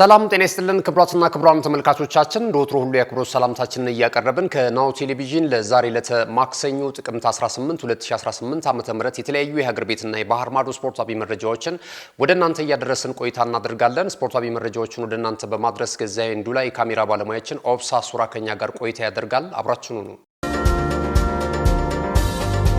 ሰላም ጤና ይስጥልን ክቡራትና ክቡራን ተመልካቾቻችን እንደ ሁሉ የአክብሮት ሰላምታችንን እያቀረብን ከናሁ ቴሌቪዥን ለዛሬ ለተ ማክሰኞ ጥቅምት 18 2018 ዓ ም የተለያዩ የሀገር ቤትና የባህር ማዶ ስፖርታዊ መረጃዎችን ወደ እናንተ እያደረስን ቆይታ እናደርጋለን። ስፖርታዊ መረጃዎችን ወደ እናንተ በማድረስ ገዛኤ እንዱላ የካሜራ ባለሙያችን ኦብሳ ሱራ ከኛ ጋር ቆይታ ያደርጋል። አብራችኑ ነው።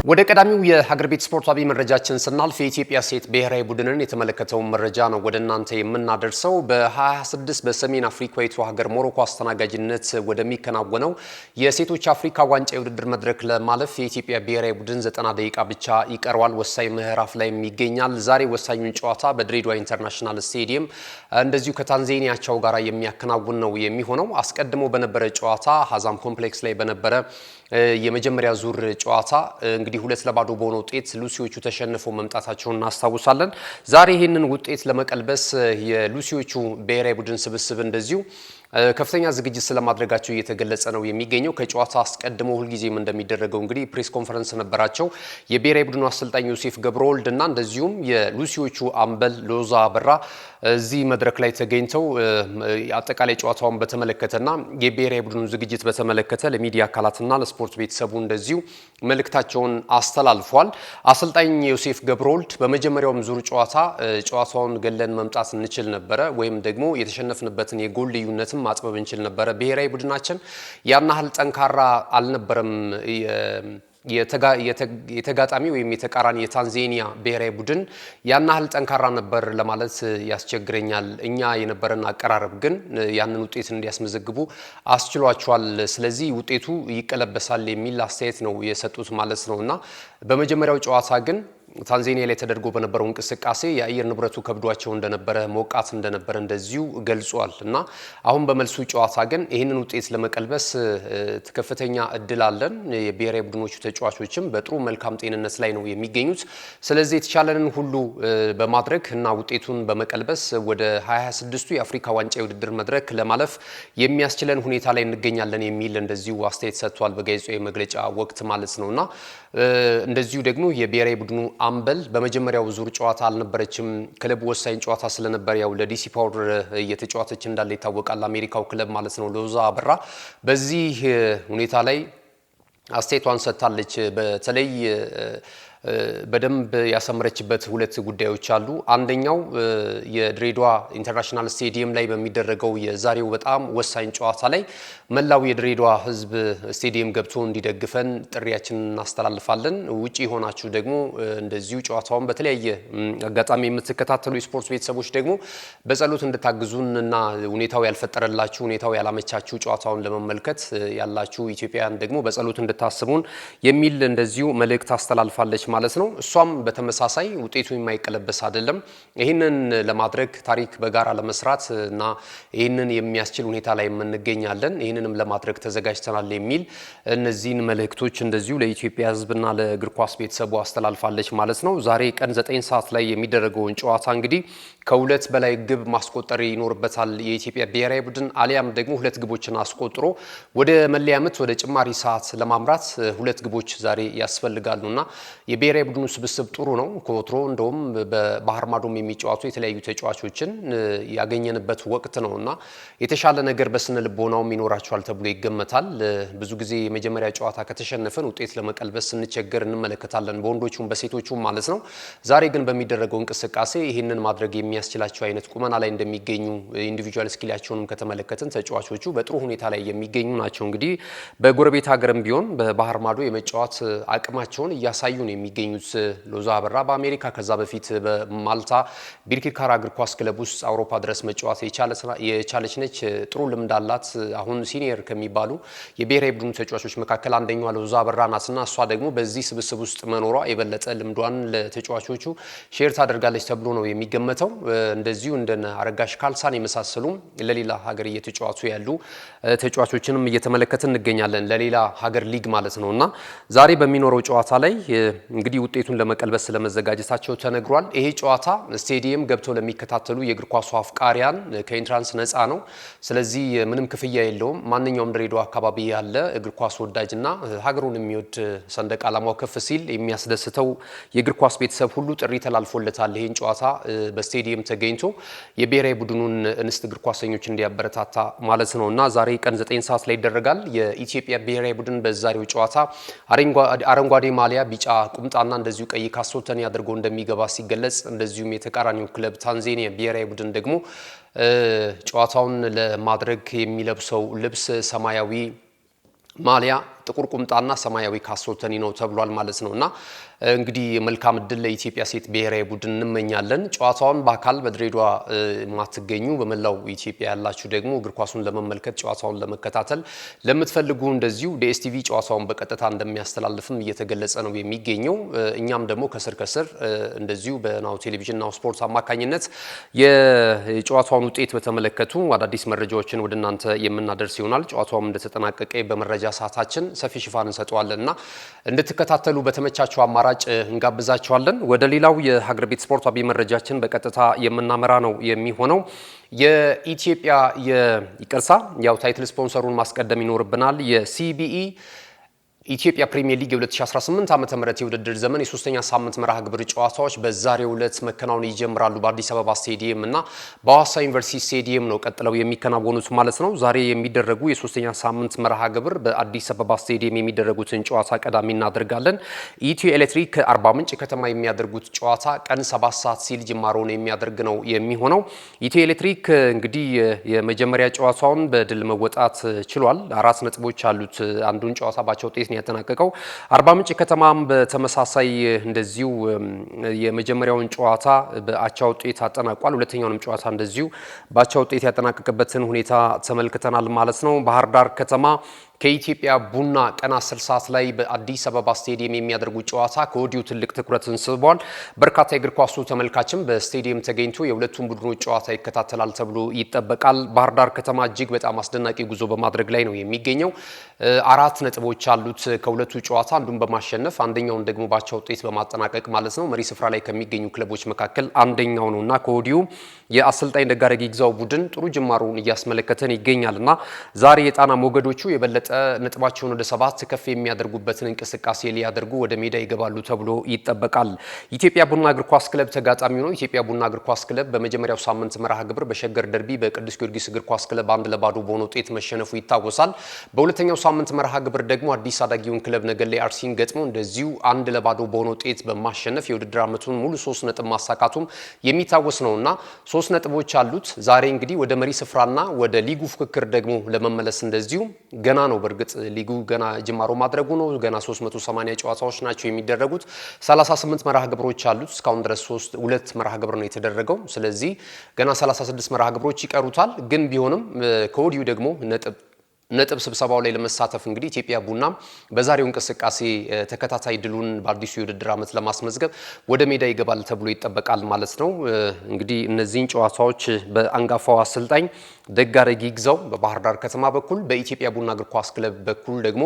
ወደ ቀዳሚው የሀገር ቤት ስፖርታዊ መረጃችን ስናልፍ የኢትዮጵያ ሴት ብሔራዊ ቡድንን የተመለከተውን መረጃ ነው ወደ እናንተ የምናደርሰው። በ26 በሰሜን አፍሪካዊቱ ሀገር ሞሮኮ አስተናጋጅነት ወደሚከናወነው የሴቶች አፍሪካ ዋንጫ የውድድር መድረክ ለማለፍ የኢትዮጵያ ብሔራዊ ቡድን 90 ደቂቃ ብቻ ይቀረዋል። ወሳኝ ምዕራፍ ላይም ይገኛል። ዛሬ ወሳኙን ጨዋታ በድሬዳዋ ኢንተርናሽናል ስቴዲየም እንደዚሁ ከታንዛኒያቸው ጋር የሚያከናውን ነው የሚሆነው። አስቀድሞ በነበረ ጨዋታ ሀዛም ኮምፕሌክስ ላይ በነበረ የመጀመሪያ ዙር ጨዋታ እንግዲህ ሁለት ለባዶ በሆነ ውጤት ሉሲዎቹ ተሸንፈው መምጣታቸውን እናስታውሳለን። ዛሬ ይህንን ውጤት ለመቀልበስ የሉሲዎቹ ብሔራዊ ቡድን ስብስብ እንደዚሁ ከፍተኛ ዝግጅት ስለማድረጋቸው እየተገለጸ ነው የሚገኘው። ከጨዋታ አስቀድሞ ሁልጊዜም እንደሚደረገው እንግዲህ ፕሬስ ኮንፈረንስ ነበራቸው የብሔራዊ ቡድኑ አሰልጣኝ ዮሴፍ ገብረወልድ እና እንደዚሁም የሉሲዎቹ አምበል ሎዛ አበራ እዚህ መድረክ ላይ ተገኝተው አጠቃላይ ጨዋታውን በተመለከተና የብሔራዊ ቡድኑ ዝግጅት በተመለከተ ለሚዲያ አካላትና ለስፖርት ቤተሰቡ እንደዚሁ መልእክታቸውን አስተላልፏል። አሰልጣኝ ዮሴፍ ገብረወልድ በመጀመሪያውም ዙር ጨዋታ ጨዋታውን ገለን መምጣት እንችል ነበረ ወይም ደግሞ የተሸነፍንበትን የጎል ልዩነትም ማጥበብ እንችል ነበረ። ብሔራዊ ቡድናችን ያን ያህል ጠንካራ አልነበረም የተጋጣሚ ወይም የተቃራኒ የታንዛኒያ ብሔራዊ ቡድን ያን ያህል ጠንካራ ነበር ለማለት ያስቸግረኛል። እኛ የነበረን አቀራረብ ግን ያንን ውጤት እንዲያስመዘግቡ አስችሏቸዋል። ስለዚህ ውጤቱ ይቀለበሳል የሚል አስተያየት ነው የሰጡት ማለት ነው እና በመጀመሪያው ጨዋታ ግን ታንዛኒያ ላይ ተደርጎ በነበረው እንቅስቃሴ የአየር ንብረቱ ከብዷቸው እንደነበረ ሞቃት እንደነበረ እንደዚሁ ገልጿል። እና አሁን በመልሱ ጨዋታ ግን ይህንን ውጤት ለመቀልበስ ከፍተኛ እድል አለን። የብሔራዊ ቡድኖቹ ተጫዋቾችም በጥሩ መልካም ጤንነት ላይ ነው የሚገኙት። ስለዚህ የተቻለንን ሁሉ በማድረግ እና ውጤቱን በመቀልበስ ወደ 26ቱ የአፍሪካ ዋንጫ የውድድር መድረክ ለማለፍ የሚያስችለን ሁኔታ ላይ እንገኛለን የሚል እንደዚሁ አስተያየት ሰጥቷል በጋዜጣዊ መግለጫ ወቅት ማለት ነው እና እንደዚሁ ደግሞ የብሔራዊ ቡድኑ አምበል በመጀመሪያው ዙር ጨዋታ አልነበረችም። ክለብ ወሳኝ ጨዋታ ስለነበር ያው ለዲሲ ፓውደር እየተጫዋተች እንዳለ ይታወቃል። አሜሪካው ክለብ ማለት ነው። ሎዛ አበራ በዚህ ሁኔታ ላይ አስተያየቷን ሰጥታለች። በተለይ በደንብ ያሰመረችበት ሁለት ጉዳዮች አሉ። አንደኛው የድሬዳዋ ኢንተርናሽናል ስቴዲየም ላይ በሚደረገው የዛሬው በጣም ወሳኝ ጨዋታ ላይ መላው የድሬዳዋ ሕዝብ ስቴዲየም ገብቶ እንዲደግፈን ጥሪያችንን እናስተላልፋለን። ውጪ የሆናችሁ ደግሞ እንደዚሁ ጨዋታውን በተለያየ አጋጣሚ የምትከታተሉ የስፖርት ቤተሰቦች ደግሞ በጸሎት እንድታግዙን እና ሁኔታው ያልፈጠረላችሁ ሁኔታው ያላመቻችሁ ጨዋታውን ለመመልከት ያላችሁ ኢትዮጵያውያን ደግሞ በጸሎት እንድታስቡን የሚል እንደዚሁ መልእክት አስተላልፋለች ማለት ነው። እሷም በተመሳሳይ ውጤቱ የማይቀለበስ አይደለም። ይህንን ለማድረግ ታሪክ በጋራ ለመስራት እና ይህንን የሚያስችል ሁኔታ ላይ የምንገኛለን። ይህንንም ለማድረግ ተዘጋጅተናል የሚል እነዚህን መልእክቶች እንደዚሁ ለኢትዮጵያ ሕዝብና ለእግር ኳስ ቤተሰቡ አስተላልፋለች ማለት ነው። ዛሬ ቀን ዘጠኝ ሰዓት ላይ የሚደረገውን ጨዋታ እንግዲህ ከሁለት በላይ ግብ ማስቆጠር ይኖርበታል የኢትዮጵያ ብሔራዊ ቡድን አሊያም ደግሞ ሁለት ግቦችን አስቆጥሮ ወደ መለያ ምት ወደ ጭማሪ ሰዓት ለማምራት ሁለት ግቦች ዛሬ ያስፈልጋሉና የብሔራዊ ቡድኑ ስብስብ ጥሩ ነው። ከወትሮ እንደውም በባህር ማዶም የሚጫወቱ የተለያዩ ተጫዋቾችን ያገኘንበት ወቅት ነው እና የተሻለ ነገር በስነ ልቦናውም ይኖራቸዋል ተብሎ ይገመታል። ብዙ ጊዜ የመጀመሪያ ጨዋታ ከተሸነፈን ውጤት ለመቀልበስ ስንቸገር እንመለከታለን፣ በወንዶቹም በሴቶቹም ማለት ነው። ዛሬ ግን በሚደረገው እንቅስቃሴ ይህንን ማድረግ የሚያስችላቸው አይነት ቁመና ላይ እንደሚገኙ ኢንዲቪጁዋል ስኪላቸውንም ከተመለከትን ተጫዋቾቹ በጥሩ ሁኔታ ላይ የሚገኙ ናቸው። እንግዲህ በጎረቤት ሀገርም ቢሆን በባህር ማዶ የመጫወት አቅማቸውን እያሳዩ ነው የሚገኙት ሎዛ አበራ በአሜሪካ ከዛ በፊት በማልታ ቢርኪካራ እግር ኳስ ክለብ ውስጥ አውሮፓ ድረስ መጫወት የቻለች ነች። ጥሩ ልምድ አላት። አሁን ሲኒየር ከሚባሉ የብሔራዊ ቡድኑ ተጫዋቾች መካከል አንደኛዋ ሎዛ አበራ ናትና እሷ ደግሞ በዚህ ስብስብ ውስጥ መኖሯ የበለጠ ልምዷን ለተጫዋቾቹ ሼር ታደርጋለች ተብሎ ነው የሚገመተው። እንደዚሁ እንደነ አረጋሽ ካልሳን የመሳሰሉ ለሌላ ሀገር እየተጫወቱ ያሉ ተጫዋቾችንም እየተመለከት እንገኛለን። ለሌላ ሀገር ሊግ ማለት ነው እና ዛሬ በሚኖረው ጨዋታ ላይ እንግዲህ ውጤቱን ለመቀልበስ ስለመዘጋጀታቸው ተነግሯል። ይሄ ጨዋታ ስቴዲየም ገብተው ለሚከታተሉ የእግር ኳሱ አፍቃሪያን ከኢንትራንስ ነፃ ነው። ስለዚህ ምንም ክፍያ የለውም። ማንኛውም ድሬዳዋ አካባቢ ያለ እግር ኳስ ወዳጅና ሀገሩን የሚወድ ሰንደቅ ዓላማው ከፍ ሲል የሚያስደስተው የእግር ኳስ ቤተሰብ ሁሉ ጥሪ ተላልፎለታል። ይህን ጨዋታ በስቴዲየም ተገኝቶ የብሔራዊ ቡድኑን እንስት እግር ኳሰኞች እንዲያበረታታ ማለት ነው እና ዛሬ ቀን 9 ሰዓት ላይ ይደረጋል። የኢትዮጵያ ብሔራዊ ቡድን በዛሬው ጨዋታ አረንጓዴ ማሊያ፣ ቢጫ ቁም ጣና እንደዚሁ ቀይ ካሶልተኒ አድርጎ እንደሚገባ ሲገለጽ፣ እንደዚሁም የተቃራኒው ክለብ ታንዜኒያ ብሔራዊ ቡድን ደግሞ ጨዋታውን ለማድረግ የሚለብሰው ልብስ ሰማያዊ ማሊያ ጥቁር ቁምጣና ሰማያዊ ካሶተኒ ነው ተብሏል ማለት ነው እና እንግዲህ መልካም እድል ለኢትዮጵያ ሴት ብሔራዊ ቡድን እንመኛለን። ጨዋታውን በአካል በድሬዳዋ የማትገኙ በመላው ኢትዮጵያ ያላችሁ ደግሞ እግር ኳሱን ለመመልከት ጨዋታውን ለመከታተል ለምትፈልጉ እንደዚሁ ዲኤስቲቪ ጨዋታውን በቀጥታ እንደሚያስተላልፍም እየተገለጸ ነው የሚገኘው። እኛም ደግሞ ከስር ከስር እንደዚሁ በናሁ ቴሌቪዥን ናሁ ስፖርት አማካኝነት የጨዋታውን ውጤት በተመለከቱ አዳዲስ መረጃዎችን ወደ እናንተ የምናደርስ ይሆናል። ጨዋታውም እንደተጠናቀቀ በመረጃ ሰዓታችን ሰፊ ሽፋን እንሰጠዋለን እና እንድትከታተሉ በተመቻቸው አማራ አማራጭ እንጋብዛችኋለን። ወደ ሌላው የሀገር ቤት ስፖርታዊ መረጃችን በቀጥታ የምናመራ ነው የሚሆነው የኢትዮጵያ ይቅርሳ ያው ታይትል ስፖንሰሩን ማስቀደም ይኖርብናል የሲቢኢ ኢትዮጵያ ፕሪሚየር ሊግ የ2018 ዓመተ ም የውድድር ዘመን የሶስተኛ ሳምንት መርሃ ግብር ጨዋታዎች በዛሬው ዕለት መከናወን ይጀምራሉ። በአዲስ አበባ ስቴዲየም እና በሐዋሳ ዩኒቨርሲቲ ስቴዲየም ነው ቀጥለው የሚከናወኑት ማለት ነው። ዛሬ የሚደረጉ የሶስተኛ ሳምንት መርሃ ግብር በአዲስ አበባ ስቴዲየም የሚደረጉትን ጨዋታ ቀዳሚ እናደርጋለን። ኢትዮ ኤሌክትሪክ አርባ ምንጭ ከተማ የሚያደርጉት ጨዋታ ቀን ሰባት ሰዓት ሲል ጅማሮን የሚያደርግ ነው የሚሆነው። ኢትዮ ኤሌክትሪክ እንግዲህ የመጀመሪያ ጨዋታውን በድል መወጣት ችሏል። አራት ነጥቦች አሉት። አንዱን ጨዋታ ባቸው ውጤት ነው ያጠናቀቀው። አርባ ምንጭ ከተማም በተመሳሳይ እንደዚሁ የመጀመሪያውን ጨዋታ በአቻ ውጤት አጠናቋል። ሁለተኛውንም ጨዋታ እንደዚሁ በአቻ ውጤት ያጠናቀቀበትን ሁኔታ ተመልክተናል ማለት ነው። ባህር ዳር ከተማ ከኢትዮጵያ ቡና ቀን 10 ሰዓት ላይ በአዲስ አበባ ስቴዲየም የሚያደርጉ ጨዋታ ከወዲሁ ትልቅ ትኩረትን ስቧል። በርካታ የእግር ኳሱ ተመልካችም በስቴዲየም ተገኝቶ የሁለቱም ቡድኖች ጨዋታ ይከታተላል ተብሎ ይጠበቃል። ባህር ዳር ከተማ እጅግ በጣም አስደናቂ ጉዞ በማድረግ ላይ ነው የሚገኘው። አራት ነጥቦች አሉት ከሁለቱ ጨዋታ አንዱን በማሸነፍ አንደኛውን ደግሞ ባቻ ውጤት በማጠናቀቅ ማለት ነው። መሪ ስፍራ ላይ ከሚገኙ ክለቦች መካከል አንደኛው ነው እና ከወዲሁ የአሰልጣኝ ደጋረጊ ግዛው ቡድን ጥሩ ጅማሮን እያስመለከተን ይገኛል እና ዛሬ የጣና ሞገዶቹ የበለጠ ነጥባቸውን ወደ ሰባት ከፍ የሚያደርጉበትን እንቅስቃሴ ሊያደርጉ ወደ ሜዳ ይገባሉ ተብሎ ይጠበቃል። ኢትዮጵያ ቡና እግር ኳስ ክለብ ተጋጣሚ ነው። ኢትዮጵያ ቡና እግር ኳስ ክለብ በመጀመሪያው ሳምንት መርሃ ግብር በሸገር ደርቢ በቅዱስ ጊዮርጊስ እግር ኳስ ክለብ አንድ ለባዶ በሆነ ውጤት መሸነፉ ይታወሳል። በሁለተኛው ሳምንት መርሃ ግብር ደግሞ አዲስ አዳጊውን ክለብ ነገሌ አርሲን ገጥሞ እንደዚሁ አንድ ለባዶ በሆነ ውጤት በማሸነፍ የውድድር ዓመቱን ሙሉ ሶስት ነጥብ ማሳካቱም የሚታወስ ነውና ሶስት ነጥቦች አሉት። ዛሬ እንግዲህ ወደ መሪ ስፍራና ወደ ሊጉ ፍክክር ደግሞ ለመመለስ እንደዚሁ ገና ነው። በእርግጥ ሊጉ ገና ጅማሮ ማድረጉ ነው። ገና 380 ጨዋታዎች ናቸው የሚደረጉት። 38 መርሃ ግብሮች አሉት። እስካሁን ድረስ ሶስት ሁለት መርሃ ግብር ነው የተደረገው። ስለዚህ ገና 36 መርሃ ግብሮች ይቀሩታል። ግን ቢሆንም ከወዲሁ ደግሞ ነጥብ ነጥብ ስብሰባው ላይ ለመሳተፍ እንግዲህ ኢትዮጵያ ቡና በዛሬው እንቅስቃሴ ተከታታይ ድሉን በአዲሱ የውድድር ዓመት ለማስመዝገብ ወደ ሜዳ ይገባል ተብሎ ይጠበቃል ማለት ነው። እንግዲህ እነዚህን ጨዋታዎች በአንጋፋው አሰልጣኝ ደጋረጊ ግዛው በባህር ዳር ከተማ በኩል በኢትዮጵያ ቡና እግር ኳስ ክለብ በኩል ደግሞ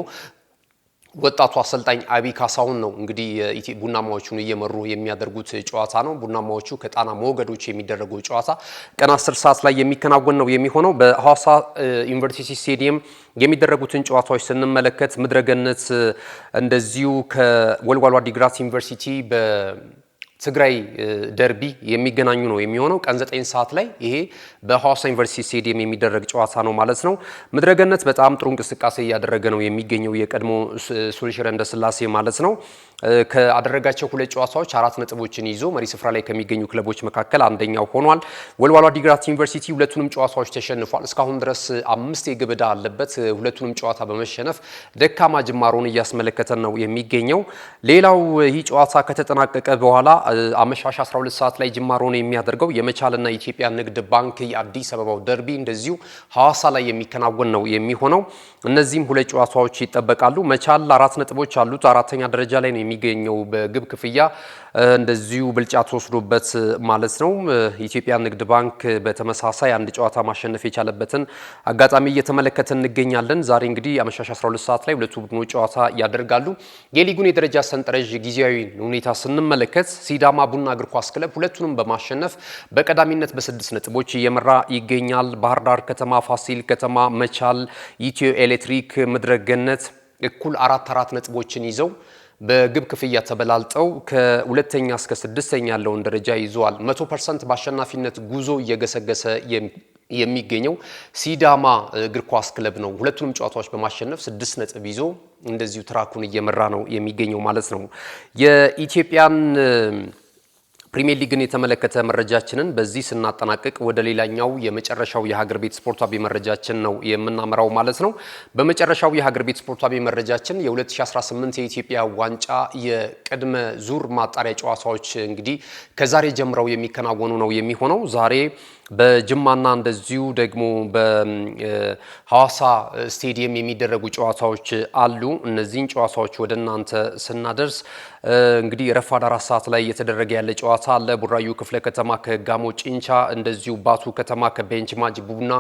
ወጣቱ አሰልጣኝ አቢ ካሳሁን ነው እንግዲህ ቡናማዎቹን እየመሩ የሚያደርጉት ጨዋታ ነው። ቡናማዎቹ ከጣና ሞገዶች የሚደረገው ጨዋታ ቀን 10 ሰዓት ላይ የሚከናወን ነው የሚሆነው። በሐዋሳ ዩኒቨርሲቲ ስቴዲየም የሚደረጉትን ጨዋታዎች ስንመለከት ምድረገነት እንደዚሁ ከወልዋሎ ዓዲግራት ዩኒቨርሲቲ ትግራይ ደርቢ የሚገናኙ ነው የሚሆነው። ቀን 9 ሰዓት ላይ ይሄ በሐዋሳ ዩኒቨርሲቲ ስቴዲየም የሚደረግ ጨዋታ ነው ማለት ነው። ምድረገነት በጣም ጥሩ እንቅስቃሴ እያደረገ ነው የሚገኘው የቀድሞ ሱልሽረ እንደስላሴ ማለት ነው። ካደረጋቸው ሁለት ጨዋታዎች አራት ነጥቦችን ይዞ መሪ ስፍራ ላይ ከሚገኙ ክለቦች መካከል አንደኛው ሆኗል። ወልዋሎ ዓዲግራት ዩኒቨርሲቲ ሁለቱንም ጨዋታዎች ተሸንፏል። እስካሁን ድረስ አምስት የግብ ዕዳ አለበት። ሁለቱንም ጨዋታ በመሸነፍ ደካማ ጅማሮን እያስመለከተን ነው የሚገኘው። ሌላው ይህ ጨዋታ ከተጠናቀቀ በኋላ አመሻሽ 12 ሰዓት ላይ ጅማሮን የሚያደርገው የመቻልና የኢትዮጵያ ንግድ ባንክ የአዲስ አበባው ደርቢ እንደዚሁ ሐዋሳ ላይ የሚከናወን ነው የሚሆነው። እነዚህም ሁለት ጨዋታዎች ይጠበቃሉ። መቻል አራት ነጥቦች አሉት። አራተኛ ደረጃ ላይ ነው የሚገኘው በግብ ክፍያ እንደዚሁ ብልጫ ተወስዶበት ማለት ነው። የኢትዮጵያ ንግድ ባንክ በተመሳሳይ አንድ ጨዋታ ማሸነፍ የቻለበትን አጋጣሚ እየተመለከተ እንገኛለን። ዛሬ እንግዲህ አመሻሽ 12 ሰዓት ላይ ሁለቱ ቡድኖች ጨዋታ ያደርጋሉ። የሊጉን የደረጃ ሰንጠረዥ ጊዜያዊ ሁኔታ ስንመለከት ሲዳማ ቡና እግር ኳስ ክለብ ሁለቱንም በማሸነፍ በቀዳሚነት በስድስት ነጥቦች እየመራ ይገኛል። ባህር ዳር ከተማ፣ ፋሲል ከተማ፣ መቻል፣ ኢትዮ ኤሌክትሪክ፣ ምድረገነት እኩል አራት አራት ነጥቦችን ይዘው በግብ ክፍያ ተበላልጠው ከሁለተኛ እስከ ስድስተኛ ያለውን ደረጃ ይዘዋል። መቶ ፐርሰንት በአሸናፊነት ጉዞ እየገሰገሰ የሚገኘው ሲዳማ እግር ኳስ ክለብ ነው። ሁለቱንም ጨዋታዎች በማሸነፍ ስድስት ነጥብ ይዞ እንደዚሁ ትራኩን እየመራ ነው የሚገኘው ማለት ነው የኢትዮጵያን ፕሪሚየር ሊግን የተመለከተ መረጃችንን በዚህ ስናጠናቅቅ ወደ ሌላኛው የመጨረሻው የሀገር ቤት ስፖርታዊ መረጃችን ነው የምናመራው ማለት ነው። በመጨረሻው የሀገር ቤት ስፖርታዊ መረጃችን የ2018 የኢትዮጵያ ዋንጫ የቅድመ ዙር ማጣሪያ ጨዋታዎች እንግዲህ ከዛሬ ጀምረው የሚከናወኑ ነው የሚሆነው ዛሬ በጅማና እንደዚሁ ደግሞ በሐዋሳ ስቴዲየም የሚደረጉ ጨዋታዎች አሉ። እነዚህን ጨዋታዎች ወደ እናንተ ስናደርስ እንግዲህ ረፋድ አራት ሰዓት ላይ እየተደረገ ያለ ጨዋታ አለ። ቡራዩ ክፍለ ከተማ ከጋሞ ጭንቻ፣ እንደዚሁ ባቱ ከተማ ከቤንች ማጅ ቡና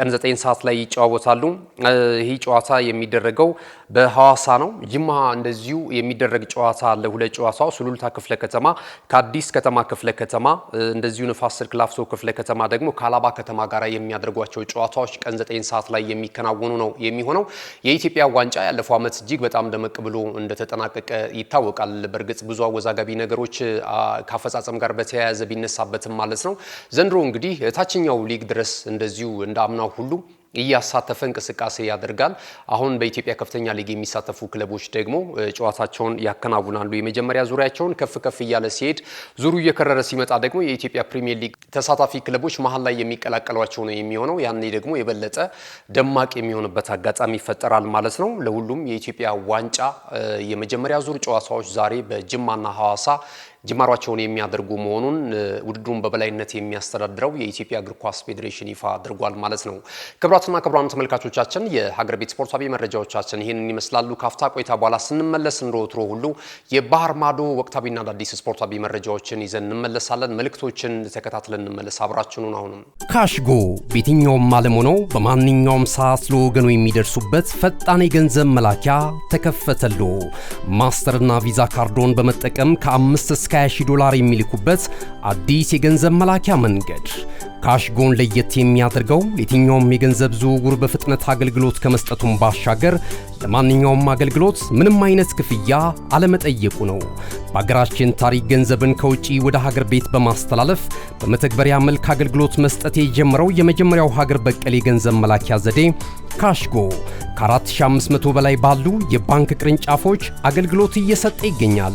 ቀን 9 ሰዓት ላይ ይጨዋወታሉ። ይህ ጨዋታ የሚደረገው በሐዋሳ ነው። ጅማ እንደዚሁ የሚደረግ ጨዋታ አለ። ሁለት ጨዋታው ሱሉልታ ክፍለ ከተማ ከአዲስ ከተማ ክፍለ ከተማ እንደዚሁ ንፋስ ስልክ ላፍቶ ክፍለ ከተማ ደግሞ ከአላባ ከተማ ጋር የሚያደርጓቸው ጨዋታዎች ቀን 9 ሰዓት ላይ የሚከናወኑ ነው የሚሆነው። የኢትዮጵያ ዋንጫ ያለፈው ዓመት እጅግ በጣም ደመቅ ብሎ እንደተጠናቀቀ ይታወቃል። በእርግጥ ብዙ አወዛጋቢ ነገሮች ከአፈጻጸም ጋር በተያያዘ ቢነሳበትም ማለት ነው። ዘንድሮ እንግዲህ ታችኛው ሊግ ድረስ እንደዚሁ እንደ አምና በቀጠናው ሁሉ እያሳተፈ እንቅስቃሴ ያደርጋል። አሁን በኢትዮጵያ ከፍተኛ ሊግ የሚሳተፉ ክለቦች ደግሞ ጨዋታቸውን ያከናውናሉ። የመጀመሪያ ዙሪያቸውን ከፍ ከፍ እያለ ሲሄድ ዙሩ እየከረረ ሲመጣ ደግሞ የኢትዮጵያ ፕሪሚየር ሊግ ተሳታፊ ክለቦች መሀል ላይ የሚቀላቀሏቸው ነው የሚሆነው። ያኔ ደግሞ የበለጠ ደማቅ የሚሆንበት አጋጣሚ ይፈጠራል ማለት ነው። ለሁሉም የኢትዮጵያ ዋንጫ የመጀመሪያ ዙር ጨዋታዎች ዛሬ በጅማና ሐዋሳ ጅማሯቸውን የሚያደርጉ መሆኑን ውድድሩን በበላይነት የሚያስተዳድረው የኢትዮጵያ እግር ኳስ ፌዴሬሽን ይፋ አድርጓል ማለት ነው። ክቡራትና ክቡራን ተመልካቾቻችን የሀገር ቤት ስፖርታዊ መረጃዎቻችን ይህንን ይመስላሉ። ካፍታ ቆይታ በኋላ ስንመለስ እንደወትሮ ሁሉ የባህር ማዶ ወቅታዊና አዳዲስ ስፖርታዊ መረጃዎችን ይዘን እንመለሳለን። መልእክቶችን ተከታትለን እንመለስ። አብራችሁን አሁንም ካሽጎ በየትኛውም ዓለም ሆነው በማንኛውም ሰዓት ለወገኑ የሚደርሱበት ፈጣን የገንዘብ መላኪያ ተከፈተሉ። ማስተርና ቪዛ ካርዶን በመጠቀም ከአምስት እስከ 20ሺ ዶላር የሚልኩበት አዲስ የገንዘብ መላኪያ መንገድ። ካሽጎን ለየት የሚያደርገው የትኛውም የገንዘብ ዝውውር በፍጥነት አገልግሎት ከመስጠቱም ባሻገር ለማንኛውም አገልግሎት ምንም አይነት ክፍያ አለመጠየቁ ነው። በሀገራችን ታሪክ ገንዘብን ከውጪ ወደ ሀገር ቤት በማስተላለፍ በመተግበሪያ መልክ አገልግሎት መስጠት የጀመረው የመጀመሪያው ሀገር በቀል የገንዘብ መላኪያ ዘዴ ካሽጎ ከ4500 በላይ ባሉ የባንክ ቅርንጫፎች አገልግሎት እየሰጠ ይገኛል።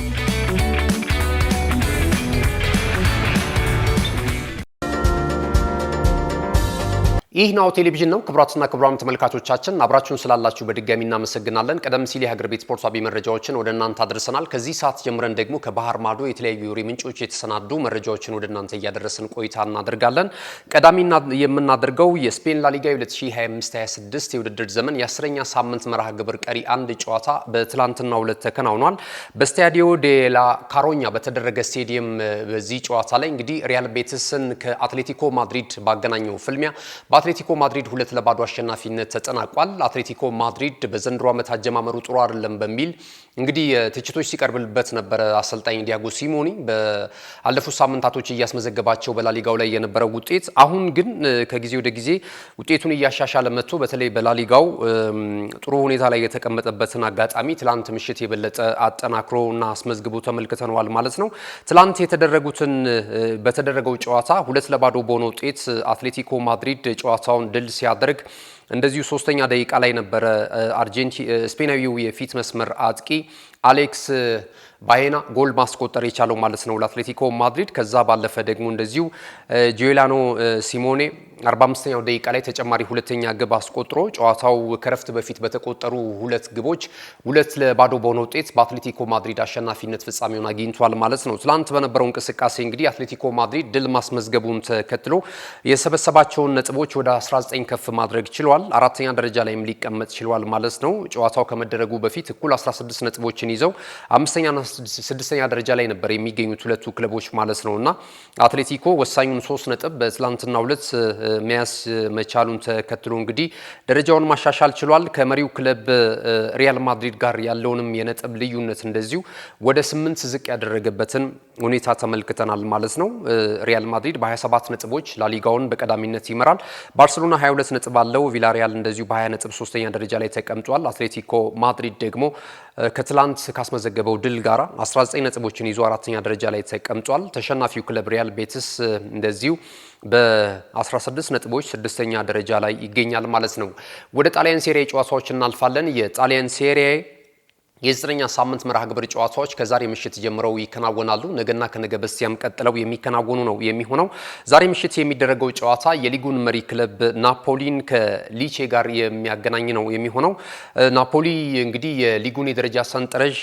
ይህ ናሁ ቴሌቪዥን ነው። ክቡራትና ክቡራን ተመልካቾቻችን አብራችሁን ስላላችሁ በድጋሚ እናመሰግናለን። ቀደም ሲል የሀገር ቤት ስፖርታዊ መረጃዎችን ወደ እናንተ አድርሰናል። ከዚህ ሰዓት ጀምረን ደግሞ ከባህር ማዶ የተለያዩ የወሬ ምንጮች የተሰናዱ መረጃዎችን ወደ እናንተ እያደረስን ቆይታ እናደርጋለን። ቀዳሚ የምናደርገው የስፔን ላሊጋ 2025/26 የውድድር ዘመን የአስረኛ ሳምንት መርሃ ግብር ቀሪ አንድ ጨዋታ በትላንትናው ዕለት ተከናውኗል። በስታዲዮ ዴላ ካሮኛ በተደረገ ስቴዲየም በዚህ ጨዋታ ላይ እንግዲህ ሪያል ቤትስን ከአትሌቲኮ ማድሪድ ባገናኘው ፍልሚያ በአትሌቲኮ ማድሪድ ሁለት ለባዶ አሸናፊነት ተጠናቋል። አትሌቲኮ ማድሪድ በዘንድሮ ዓመት አጀማመሩ ጥሩ አይደለም በሚል እንግዲህ ትችቶች ሲቀርብበት ነበረ። አሰልጣኝ ዲያጎ ሲሞኒ በአለፉት ሳምንታቶች እያስመዘገባቸው በላሊጋው ላይ የነበረው ውጤት አሁን ግን ከጊዜ ወደ ጊዜ ውጤቱን እያሻሻለ መጥቶ በተለይ በላሊጋው ጥሩ ሁኔታ ላይ የተቀመጠበትን አጋጣሚ ትላንት ምሽት የበለጠ አጠናክሮ እና አስመዝግቦ ተመልክተነዋል ማለት ነው። ትላንት የተደረጉትን በተደረገው ጨዋታ ሁለት ለባዶ በሆነ ውጤት አትሌቲኮ ማድሪድ ጨዋታውን ድል ሲያደርግ እንደዚሁ ሶስተኛ ደቂቃ ላይ ነበረ ስፔናዊው የፊት መስመር አጥቂ አሌክስ ባሄና ጎል ማስቆጠር የቻለው ማለት ነው ለአትሌቲኮ ማድሪድ። ከዛ ባለፈ ደግሞ እንደዚሁ ጆላኖ ሲሞኔ 45ኛው ደቂቃ ላይ ተጨማሪ ሁለተኛ ግብ አስቆጥሮ ጨዋታው ከረፍት በፊት በተቆጠሩ ሁለት ግቦች ሁለት ለባዶ በሆነ ውጤት በአትሌቲኮ ማድሪድ አሸናፊነት ፍጻሜውን አግኝቷል ማለት ነው። ትላንት በነበረው እንቅስቃሴ እንግዲህ አትሌቲኮ ማድሪድ ድል ማስመዝገቡን ተከትሎ የሰበሰባቸውን ነጥቦች ወደ 19 ከፍ ማድረግ ችሏል። አራተኛ ደረጃ ላይም ሊቀመጥ ችሏል ማለት ነው። ጨዋታው ከመደረጉ በፊት እኩል 16 ነጥቦችን ይዘው አምስተኛና ስድስተኛ ደረጃ ላይ ነበር የሚገኙት ሁለቱ ክለቦች ማለት ነው እና አትሌቲኮ ወሳኙን ሶስት ነጥብ በትላንትና ሁለት መያዝ መቻሉን ተከትሎ እንግዲህ ደረጃውን ማሻሻል ችሏል። ከመሪው ክለብ ሪያል ማድሪድ ጋር ያለውንም የነጥብ ልዩነት እንደዚሁ ወደ ስምንት ዝቅ ያደረገበትን ሁኔታ ተመልክተናል ማለት ነው። ሪያል ማድሪድ በ27 ነጥቦች ላሊጋውን በቀዳሚነት ይመራል። ባርሰሎና 22 ነጥብ አለው። ቪላሪያል እንደዚሁ በ20 ነጥብ ሶስተኛ ደረጃ ላይ ተቀምጧል። አትሌቲኮ ማድሪድ ደግሞ ከትላንት ካስመዘገበው ድል ጋራ 19 ነጥቦችን ይዞ አራተኛ ደረጃ ላይ ተቀምጧል። ተሸናፊው ክለብ ሪያል ቤትስ እንደዚሁ በ16 ነጥቦች ስድስተኛ ደረጃ ላይ ይገኛል ማለት ነው። ወደ ጣሊያን ሴሪያ ጨዋታዎች እናልፋለን። የጣሊያን ሴሪያ የዘጠነኛ ሳምንት መርሃ ግብር ጨዋታዎች ከዛሬ ምሽት ጀምረው ይከናወናሉ። ነገና ከነገ በስቲያም ቀጥለው የሚከናወኑ ነው የሚሆነው። ዛሬ ምሽት የሚደረገው ጨዋታ የሊጉን መሪ ክለብ ናፖሊን ከሊቼ ጋር የሚያገናኝ ነው የሚሆነው። ናፖሊ እንግዲህ የሊጉን የደረጃ ሰንጠረዥ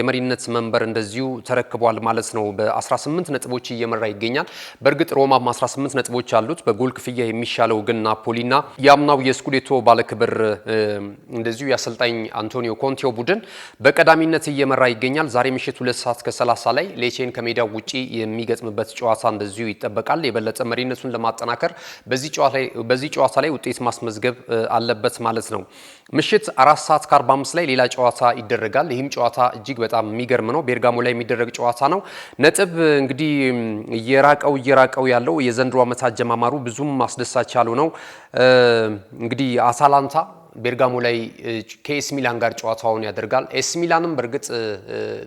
የመሪነት መንበር እንደዚሁ ተረክቧል ማለት ነው። በ18 ነጥቦች እየመራ ይገኛል። በእርግጥ ሮማም 18 ነጥቦች አሉት። በጎል ክፍያ የሚሻለው ግን ናፖሊና የአምናው የስኩዴቶ ባለክብር እንደዚሁ የአሰልጣኝ አንቶኒዮ ኮንቴው ቡድን በቀዳሚነት እየመራ ይገኛል። ዛሬ ምሽት ሁለት ሰዓት ከ30 ላይ ሌቼን ከሜዳው ውጪ የሚገጥምበት ጨዋታ እንደዚሁ ይጠበቃል። የበለጠ መሪነቱን ለማጠናከር በዚህ ጨዋታ ላይ ውጤት ማስመዝገብ አለበት ማለት ነው። ምሽት አራት ሰዓት ከ45 ላይ ሌላ ጨዋታ ይደረጋል። ይህም ጨዋታ እጅግ በጣም የሚገርም ነው። ቤርጋሞ ላይ የሚደረግ ጨዋታ ነው። ነጥብ እንግዲህ እየራቀው እየራቀው ያለው የዘንድሮ ዓመት አጀማማሩ ብዙም አስደሳች ያሉ ነው። እንግዲህ አታላንታ ቤርጋሞ ላይ ከኤስ ሚላን ጋር ጨዋታውን ያደርጋል። ኤስ ሚላንም በእርግጥ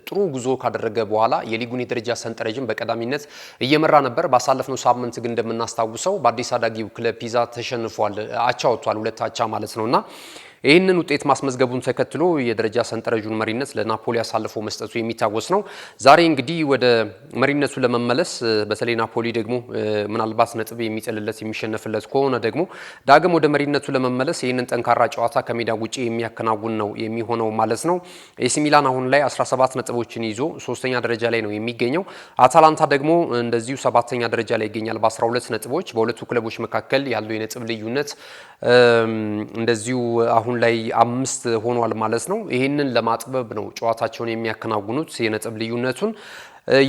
ጥሩ ጉዞ ካደረገ በኋላ የሊጉን የደረጃ ሰንጠረዥን በቀዳሚነት እየመራ ነበር። ባሳለፍነው ሳምንት ግን እንደምናስታውሰው በአዲስ አዳጊው ክለብ ፒዛ ተሸንፏል። አቻ ወጥቷል። ሁለት አቻ ማለት ነውና ይህንን ውጤት ማስመዝገቡን ተከትሎ የደረጃ ሰንጠረዡን መሪነት ለናፖሊ አሳልፎ መስጠቱ የሚታወስ ነው። ዛሬ እንግዲህ ወደ መሪነቱ ለመመለስ በተለይ ናፖሊ ደግሞ ምናልባት ነጥብ የሚጥልለት የሚሸነፍለት ከሆነ ደግሞ ዳግም ወደ መሪነቱ ለመመለስ ይህንን ጠንካራ ጨዋታ ከሜዳ ውጪ የሚያከናውን ነው የሚሆነው ማለት ነው። ኤሲ ሚላን አሁን ላይ 17 ነጥቦችን ይዞ ሶስተኛ ደረጃ ላይ ነው የሚገኘው። አታላንታ ደግሞ እንደዚሁ ሰባተኛ ደረጃ ላይ ይገኛል በ12 ነጥቦች። በሁለቱ ክለቦች መካከል ያለው የነጥብ ልዩነት እንደዚሁ አሁን አሁን ላይ አምስት ሆኗል ማለት ነው። ይህንን ለማጥበብ ነው ጨዋታቸውን የሚያከናውኑት የነጥብ ልዩነቱን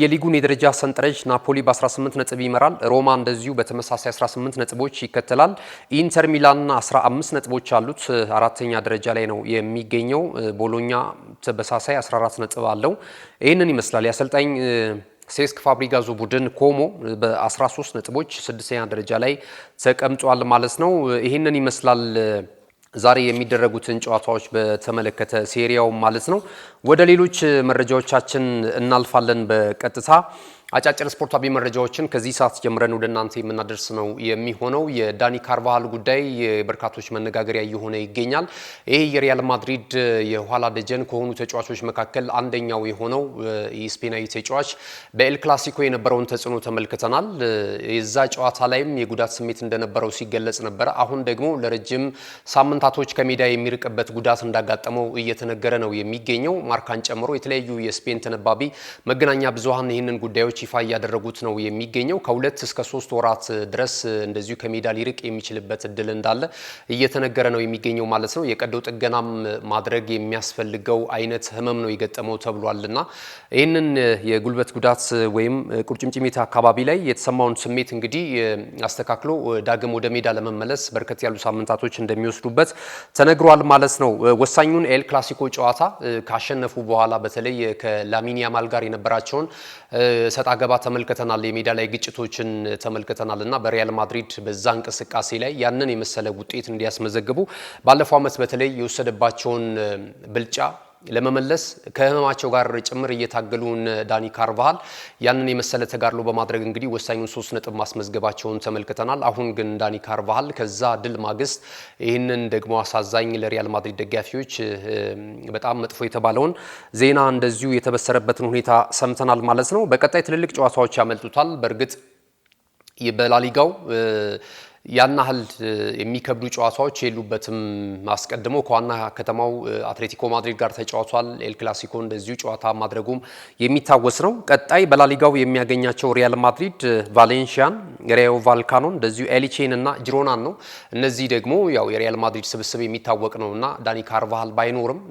የሊጉን የደረጃ ሰንጠረዥ ናፖሊ በ18 ነጥብ ይመራል። ሮማ እንደዚሁ በተመሳሳይ 18 ነጥቦች ይከተላል። ኢንተር ሚላንና 15 ነጥቦች አሉት፣ አራተኛ ደረጃ ላይ ነው የሚገኘው። ቦሎኛ ተመሳሳይ 14 ነጥብ አለው። ይህንን ይመስላል የአሰልጣኝ ሴስክ ፋብሪጋዞ ቡድን ኮሞ በ13 ነጥቦች ስድስተኛ ደረጃ ላይ ተቀምጧል ማለት ነው። ይህንን ይመስላል ዛሬ የሚደረጉትን ጨዋታዎች በተመለከተ ሴሪያው ማለት ነው። ወደ ሌሎች መረጃዎቻችን እናልፋለን በቀጥታ አጫጭር ስፖርታዊ መረጃዎችን ከዚህ ሰዓት ጀምረን ወደ እናንተ የምናደርስ ነው የሚሆነው። የዳኒ ካርቫሃል ጉዳይ በርካቶች መነጋገሪያ እየሆነ ይገኛል። ይህ የሪያል ማድሪድ የኋላ ደጀን ከሆኑ ተጫዋቾች መካከል አንደኛው የሆነው የስፔናዊ ተጫዋች በኤል ክላሲኮ የነበረውን ተጽዕኖ ተመልክተናል። የዛ ጨዋታ ላይም የጉዳት ስሜት እንደነበረው ሲገለጽ ነበረ። አሁን ደግሞ ለረጅም ሳምንታቶች ከሜዳ የሚርቅበት ጉዳት እንዳጋጠመው እየተነገረ ነው የሚገኘው። ማርካን ጨምሮ የተለያዩ የስፔን ተነባቢ መገናኛ ብዙሃን ይህንን ጉዳዮች ይፋ እያደረጉት ነው የሚገኘው። ከሁለት እስከ ሶስት ወራት ድረስ እንደዚሁ ከሜዳ ሊርቅ የሚችልበት እድል እንዳለ እየተነገረ ነው የሚገኘው ማለት ነው። የቀዶ ጥገናም ማድረግ የሚያስፈልገው አይነት ህመም ነው የገጠመው ተብሏል ይህንን የጉልበት ጉዳት ወይም ቁርጭምጭሚት አካባቢ ላይ የተሰማውን ስሜት እንግዲህ አስተካክሎ ዳግም ወደ ሜዳ ለመመለስ በርከት ያሉ ሳምንታቶች እንደሚወስዱበት ተነግሯል ማለት ነው። ወሳኙን ኤል ክላሲኮ ጨዋታ ካሸነፉ በኋላ በተለይ ከላሚኒያ ያማል ጋር የነበራቸውን ሰጣ አገባ ተመልክተናል። የሜዳ ላይ ግጭቶችን ተመልክተናል እና በሪያል ማድሪድ በዛ እንቅስቃሴ ላይ ያንን የመሰለ ውጤት እንዲያስመዘግቡ ባለፈው ዓመት በተለይ የወሰደባቸውን ብልጫ ለመመለስ ከህመማቸው ጋር ጭምር እየታገሉን ዳኒ ካርቫሃል ያንን የመሰለ ተጋድሎ በማድረግ እንግዲህ ወሳኙን ሶስት ነጥብ ማስመዝገባቸውን ተመልክተናል። አሁን ግን ዳኒ ካርቫሃል ከዛ ድል ማግስት ይህንን ደግሞ አሳዛኝ ለሪያል ማድሪድ ደጋፊዎች በጣም መጥፎ የተባለውን ዜና እንደዚሁ የተበሰረበትን ሁኔታ ሰምተናል ማለት ነው። በቀጣይ ትልልቅ ጨዋታዎች ያመልጡታል። በእርግጥ በላሊጋው ያን ያህል የሚከብዱ ጨዋታዎች የሉበትም። አስቀድሞ ከዋና ከተማው አትሌቲኮ ማድሪድ ጋር ተጫውቷል። ኤል ክላሲኮ እንደዚሁ ጨዋታ ማድረጉም የሚታወስ ነው። ቀጣይ በላሊጋው የሚያገኛቸው ሪያል ማድሪድ ቫሌንሺያን፣ ሬዮ ቫልካኖን እንደዚሁ ኤሊቼን እና ጅሮናን ነው። እነዚህ ደግሞ ያው የሪያል ማድሪድ ስብስብ የሚታወቅ ነው እና ዳኒ ካርቫሃል ባይኖርም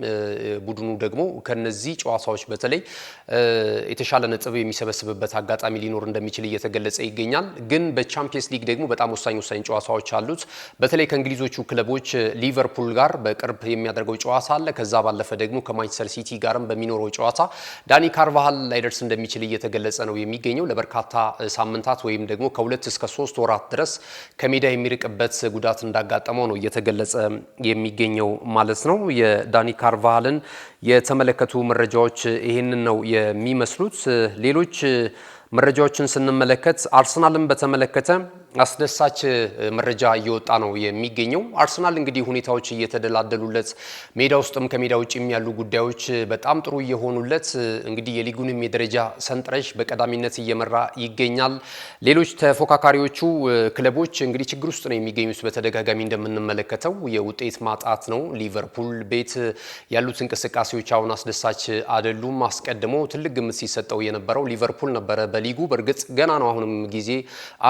ቡድኑ ደግሞ ከነዚህ ጨዋታዎች በተለይ የተሻለ ነጥብ የሚሰበስብበት አጋጣሚ ሊኖር እንደሚችል እየተገለጸ ይገኛል። ግን በቻምፒየንስ ሊግ ደግሞ በጣም ወሳኝ ወሳኝ ዘጠኝ ጨዋታዎች አሉት። በተለይ ከእንግሊዞቹ ክለቦች ሊቨርፑል ጋር በቅርብ የሚያደርገው ጨዋታ አለ። ከዛ ባለፈ ደግሞ ከማንቸስተር ሲቲ ጋርም በሚኖረው ጨዋታ ዳኒ ካርቫሃል ላይደርስ እንደሚችል እየተገለጸ ነው የሚገኘው። ለበርካታ ሳምንታት ወይም ደግሞ ከሁለት እስከ ሶስት ወራት ድረስ ከሜዳ የሚርቅበት ጉዳት እንዳጋጠመው ነው እየተገለጸ የሚገኘው ማለት ነው። የዳኒ ካርቫሃልን የተመለከቱ መረጃዎች ይህንን ነው የሚመስሉት። ሌሎች መረጃዎችን ስንመለከት አርሰናልን በተመለከተ አስደሳች መረጃ እየወጣ ነው የሚገኘው። አርሰናል እንግዲህ ሁኔታዎች እየተደላደሉለት ሜዳ ውስጥም ከሜዳ ውጭም ያሉ ጉዳዮች በጣም ጥሩ እየሆኑለት እንግዲህ የሊጉንም የደረጃ ሰንጠረዥ በቀዳሚነት እየመራ ይገኛል። ሌሎች ተፎካካሪዎቹ ክለቦች እንግዲህ ችግር ውስጥ ነው የሚገኙት። በተደጋጋሚ እንደምንመለከተው የውጤት ማጣት ነው። ሊቨርፑል ቤት ያሉት እንቅስቃሴዎች አሁን አስደሳች አይደሉም። አስቀድሞ ትልቅ ግምት ሲሰጠው የነበረው ሊቨርፑል ነበረ በሊጉ። በእርግጥ ገና ነው፣ አሁንም ጊዜ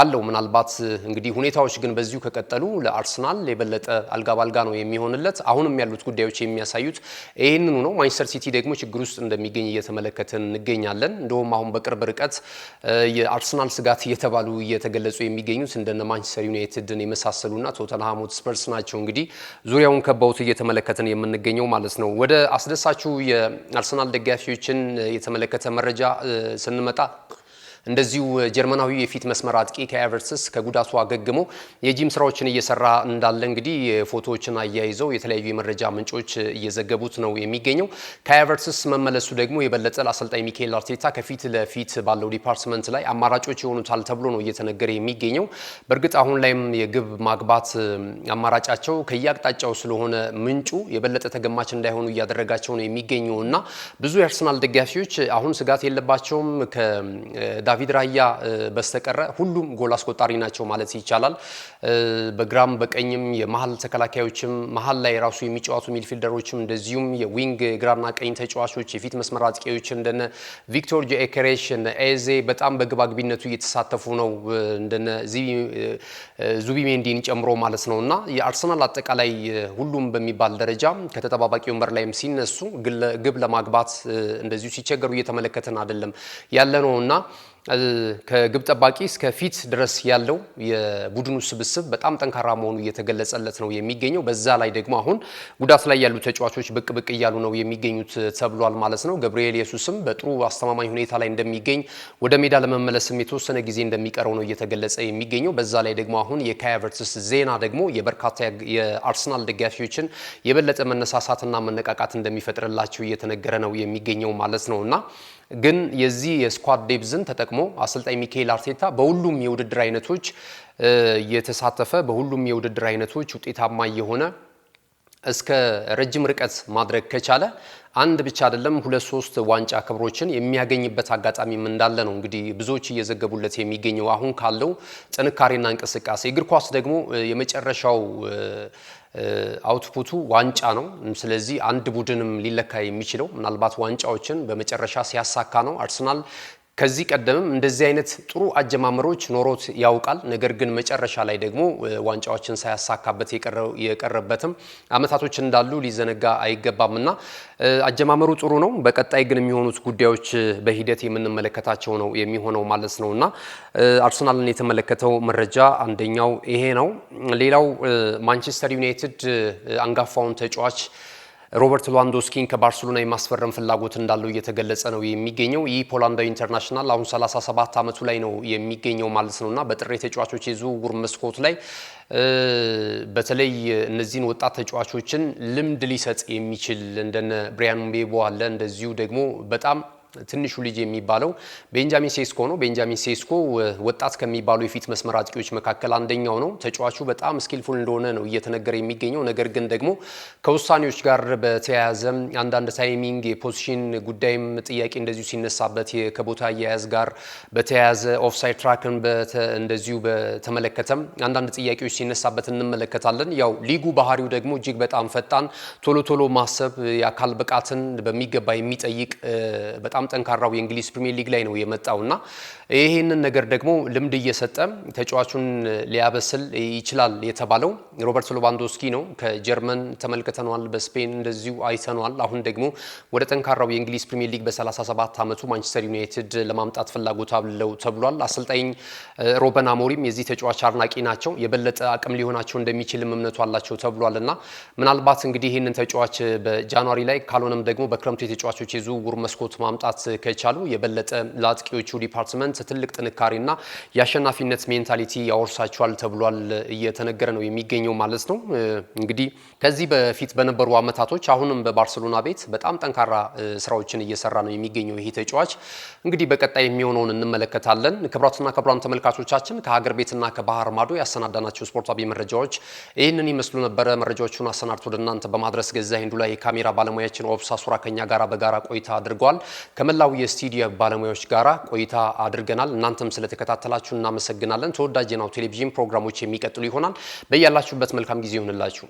አለው ምናልባት ምናልባት እንግዲህ ሁኔታዎች ግን በዚሁ ከቀጠሉ ለአርሰናል የበለጠ አልጋ ባልጋ ነው የሚሆንለት። አሁንም ያሉት ጉዳዮች የሚያሳዩት ይህንኑ ነው። ማንቸስተር ሲቲ ደግሞ ችግር ውስጥ እንደሚገኝ እየተመለከትን እንገኛለን። እንደውም አሁን በቅርብ ርቀት የአርሰናል ስጋት እየተባሉ እየተገለጹ የሚገኙት እንደነ ማንቸስተር ዩናይትድን የመሳሰሉና ቶተንሃም ሆትስፐርስ ናቸው። እንግዲህ ዙሪያውን ከበውት እየተመለከትን የምንገኘው ማለት ነው። ወደ አስደሳቹ የአርሰናል ደጋፊዎችን የተመለከተ መረጃ ስንመጣ እንደዚሁ ጀርመናዊ የፊት መስመር አጥቂ ከያቨርስስ ከጉዳቱ አገግሞ የጂም ስራዎችን እየሰራ እንዳለ እንግዲህ ፎቶዎችን አያይዘው የተለያዩ የመረጃ ምንጮች እየዘገቡት ነው የሚገኘው። ከያቨርስስ መመለሱ ደግሞ የበለጠ ለአሰልጣኝ ሚካኤል አርቴታ ከፊት ለፊት ባለው ዲፓርትመንት ላይ አማራጮች ይሆኑታል ተብሎ ነው እየተነገረ የሚገኘው። በእርግጥ አሁን ላይም የግብ ማግባት አማራጫቸው ከየአቅጣጫው ስለሆነ ምንጩ የበለጠ ተገማች እንዳይሆኑ እያደረጋቸው ነው የሚገኘው እና ብዙ የአርሰናል ደጋፊዎች አሁን ስጋት የለባቸውም ዳቪድ ራያ በስተቀረ ሁሉም ጎል አስቆጣሪ ናቸው ማለት ይቻላል። በግራም በቀኝም የመሀል ተከላካዮችም መሀል ላይ ራሱ የሚጫወቱ ሚድፊልደሮችም እንደዚሁም የዊንግ ግራና ቀኝ ተጫዋቾች የፊት መስመር አጥቂዎች እንደነ ቪክቶር ጆኤከሬሽ ኤዜ በጣም በግባግቢነቱ እየተሳተፉ ነው እንደነ ዙቢሜንዲን ጨምሮ ማለት ነው እና የአርሰናል አጠቃላይ ሁሉም በሚባል ደረጃ ከተጠባባቂ ወንበር ላይም ሲነሱ ግብ ለማግባት እንደዚሁ ሲቸገሩ እየተመለከተን አይደለም ያለ ነው እና ከግብ ጠባቂ እስከ ፊት ድረስ ያለው የቡድኑ ስብስብ በጣም ጠንካራ መሆኑ እየተገለጸለት ነው የሚገኘው። በዛ ላይ ደግሞ አሁን ጉዳት ላይ ያሉ ተጫዋቾች ብቅ ብቅ እያሉ ነው የሚገኙት ተብሏል ማለት ነው። ገብርኤል የሱስም በጥሩ አስተማማኝ ሁኔታ ላይ እንደሚገኝ ወደ ሜዳ ለመመለስም የተወሰነ ጊዜ እንደሚቀረው ነው እየተገለጸ የሚገኘው። በዛ ላይ ደግሞ አሁን የካያቨርትስ ዜና ደግሞ የበርካታ የአርሰናል ደጋፊዎችን የበለጠ መነሳሳትና መነቃቃት እንደሚፈጥርላቸው እየተነገረ ነው የሚገኘው ማለት ነው እና ግን የዚህ የስኳድ ዴብዝን ተጠቅሞ አሰልጣኝ ሚካኤል አርቴታ በሁሉም የውድድር አይነቶች የተሳተፈ በሁሉም የውድድር አይነቶች ውጤታማ እየሆነ እስከ ረጅም ርቀት ማድረግ ከቻለ አንድ ብቻ አይደለም ሁለት ሶስት ዋንጫ ክብሮችን የሚያገኝበት አጋጣሚም እንዳለ ነው እንግዲህ ብዙዎች እየዘገቡለት የሚገኘው አሁን ካለው ጥንካሬና እንቅስቃሴ እግር ኳስ ደግሞ የመጨረሻው አውትፑቱ ዋንጫ ነው። ስለዚህ አንድ ቡድንም ሊለካ የሚችለው ምናልባት ዋንጫዎችን በመጨረሻ ሲያሳካ ነው። አርሰናል ከዚህ ቀደምም እንደዚህ አይነት ጥሩ አጀማመሮች ኖሮት ያውቃል። ነገር ግን መጨረሻ ላይ ደግሞ ዋንጫዎችን ሳያሳካበት የቀረበትም አመታቶች እንዳሉ ሊዘነጋ አይገባም እና አጀማመሩ ጥሩ ነው። በቀጣይ ግን የሚሆኑት ጉዳዮች በሂደት የምንመለከታቸው ነው የሚሆነው ማለት ነው እና አርሰናልን የተመለከተው መረጃ አንደኛው ይሄ ነው። ሌላው ማንቸስተር ዩናይትድ አንጋፋውን ተጫዋች ሮበርት ሌዋንዶውስኪን ከባርሴሎና የማስፈረም ፍላጎት እንዳለው እየተገለጸ ነው የሚገኘው። ይህ ፖላንዳዊ ኢንተርናሽናል አሁን 37 ዓመቱ ላይ ነው የሚገኘው ማለት ነውና በጥሬ ተጫዋቾች የዝውውር መስኮት ላይ በተለይ እነዚህን ወጣት ተጫዋቾችን ልምድ ሊሰጥ የሚችል እንደነ ብሪያን ምቤሞ አለ እንደዚሁ ደግሞ በጣም ትንሹ ልጅ የሚባለው ቤንጃሚን ሴስኮ ነው። ቤንጃሚን ሴስኮ ወጣት ከሚባሉ የፊት መስመር አጥቂዎች መካከል አንደኛው ነው። ተጫዋቹ በጣም ስኪልፉል እንደሆነ ነው እየተነገረ የሚገኘው። ነገር ግን ደግሞ ከውሳኔዎች ጋር በተያያዘ አንዳንድ ታይሚንግ የፖዚሽን ጉዳይም ጥያቄ እንደዚሁ ሲነሳበት ከቦታ አያያዝ ጋር በተያያዘ ኦፍሳይድ ትራክን እንደዚሁ በተመለከተም አንዳንድ ጥያቄዎች ሲነሳበት እንመለከታለን። ያው ሊጉ ባህሪው ደግሞ እጅግ በጣም ፈጣን፣ ቶሎ ቶሎ ማሰብ፣ የአካል ብቃትን በሚገባ የሚጠይቅ በጣም በጣም ጠንካራው የእንግሊዝ ፕሪሚየር ሊግ ላይ ነው የመጣውና ይህንን ነገር ደግሞ ልምድ እየሰጠ ተጫዋቹን ሊያበስል ይችላል የተባለው ሮበርት ሌቫንዶስኪ ነው። ከጀርመን ተመልክተነዋል፣ በስፔን እንደዚሁ አይተነዋል። አሁን ደግሞ ወደ ጠንካራው የእንግሊዝ ፕሪሚየር ሊግ በ37 ዓመቱ ማንቸስተር ዩናይትድ ለማምጣት ፍላጎት አለው ተብሏል። አሰልጣኝ ሮበን አሞሪም የዚህ ተጫዋች አድናቂ ናቸው። የበለጠ አቅም ሊሆናቸው እንደሚችልም እምነቱ አላቸው ተብሏል እና ምናልባት እንግዲህ ይህንን ተጫዋች በጃንዋሪ ላይ ካልሆነም ደግሞ በክረምቱ የተጫዋቾች የዝውውር መስኮት ማምጣት ማምጣት ከቻሉ የበለጠ ለአጥቂዎቹ ዲፓርትመንት ትልቅ ጥንካሬና የአሸናፊነት ሜንታሊቲ ያወርሳቸዋል ተብሏል እየተነገረ ነው የሚገኘው ማለት ነው። እንግዲህ ከዚህ በፊት በነበሩ አመታቶች አሁንም በባርሰሎና ቤት በጣም ጠንካራ ስራዎችን እየሰራ ነው የሚገኘው ይሄ ተጫዋች። እንግዲህ በቀጣይ የሚሆነውን እንመለከታለን። ክቡራትና ክቡራን ተመልካቾቻችን ከሀገር ቤትና ከባህር ማዶ ያሰናዳናቸው ስፖርታዊ መረጃዎች ይህንን ይመስሉ ነበረ። መረጃዎቹን አሰናድቶ ወደ እናንተ በማድረስ ገዛ ሂንዱ ላይ የካሜራ ባለሙያችን ኦብሳ ሱራ ከኛ ጋራ በጋራ ቆይታ አድርጓል። ከመላው የስቱዲዮ ባለሙያዎች ጋራ ቆይታ አድርገናል። እናንተም ስለተከታተላችሁ እናመሰግናለን። ተወዳጅ ናሁ ቴሌቪዥን ፕሮግራሞች የሚቀጥሉ ይሆናል። በያላችሁበት መልካም ጊዜ ይሁንላችሁ።